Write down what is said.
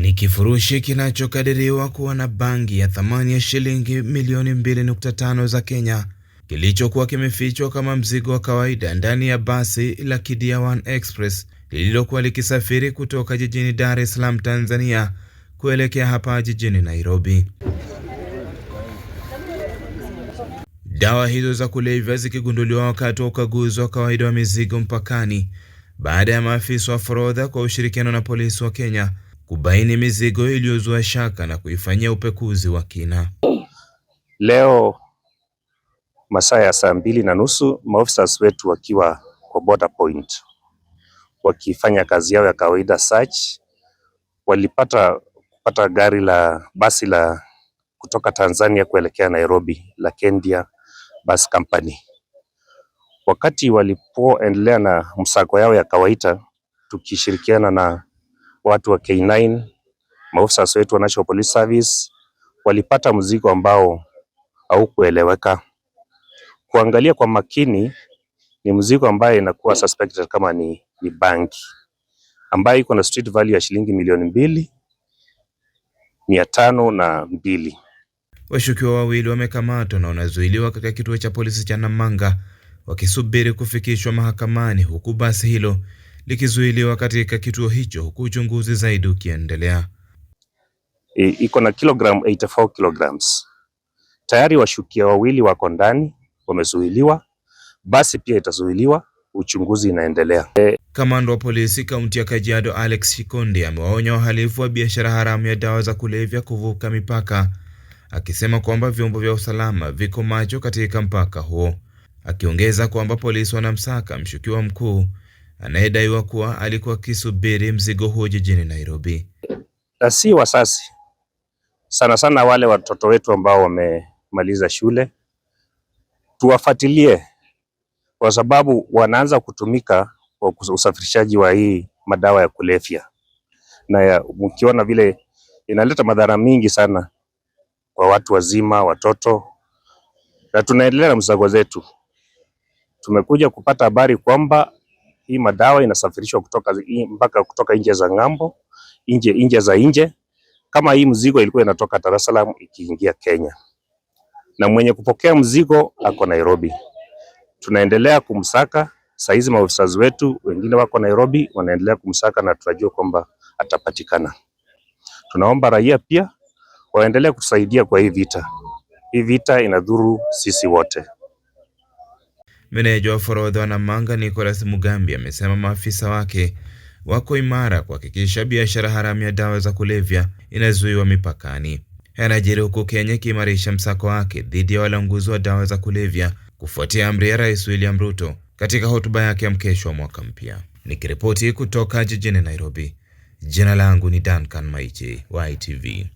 ni kifurushi kinachokadiriwa kuwa na bangi ya thamani ya shilingi milioni 2.5 za Kenya kilichokuwa kimefichwa kama mzigo wa kawaida ndani ya basi la Kidia One Express lililokuwa likisafiri kutoka jijini Dar es Salaam, Tanzania kuelekea hapa jijini Nairobi. Dawa hizo za kulevya zikigunduliwa wakati wa ukaguzi wa kawaida wa mizigo mpakani baada ya maafisa wa forodha kwa ushirikiano na polisi wa Kenya kubaini mizigo iliyozua shaka na kuifanyia upekuzi wa kina. Leo masaa ya saa mbili na nusu maofisa wetu wakiwa kwa border point wakifanya kazi yao ya kawaida search, walipata kupata gari la basi la kutoka Tanzania kuelekea Nairobi la Kendia Bus Company. Wakati walipoendelea na msako yao ya kawaida, tukishirikiana na watu wa K9, maofisa wetu wa National Police Service walipata mzigo ambao haukueleweka. Kuangalia kwa makini, ni mzigo ambaye inakuwa suspected kama ni, ni banki ambayo iko na street value ya shilingi milioni mbili mia tano na mbili. Washukiwa wawili wamekamatwa na wanazuiliwa katika kituo cha polisi cha Namanga wakisubiri kufikishwa mahakamani, huku basi hilo likizuiliwa katika kituo hicho huku uchunguzi zaidi ukiendelea. E, iko na kilogram 84 kilograms. Tayari washukia wawili wako ndani wamezuiliwa, basi pia itazuiliwa, uchunguzi inaendelea. E, kamanda wa polisi kaunti ya Kajiado Alex shikondi amewaonya wahalifu wa biashara haramu ya dawa za kulevya kuvuka mipaka akisema kwamba vyombo vya usalama viko macho katika mpaka huo, akiongeza kwamba polisi wanamsaka mshukiwa mkuu anayedaiwa kuwa alikuwa akisubiri mzigo huo jijini Nairobi. Na si wasasi sana sana, wale watoto wetu ambao wamemaliza shule tuwafatilie kwa sababu wanaanza kutumika kwa usafirishaji wa hii madawa ya kulevya, na mkiona vile inaleta madhara mingi sana kwa watu wazima, watoto, na tunaendelea na msago zetu. Tumekuja kupata habari kwamba hii madawa inasafirishwa kutoka mpaka kutoka nje za ng'ambo, nje nje za nje. Kama hii mzigo ilikuwa inatoka Dar es Salaam ikiingia Kenya, na mwenye kupokea mzigo ako Nairobi. Tunaendelea kumsaka saizi, maofisa wetu wengine wako Nairobi wanaendelea kumsaka na tunajua kwamba atapatikana. Tunaomba raia pia waendelee kutusaidia kwa hii vita. Hii vita inadhuru sisi wote. Meneja wa forodha Wanamanga Nicholas Mugambi amesema maafisa wake wako imara kuhakikisha biashara haramu ya dawa za kulevya inazuiwa mipakani. Yanajiri huku Kenya ikiimarisha msako wake dhidi ya walanguzi wa dawa za kulevya kufuatia amri ya Rais William Ruto katika hotuba yake ya mkesho wa mwaka mpya. Nikiripoti kutoka jijini Nairobi, jina langu ni Duncan Maiche wa ITV.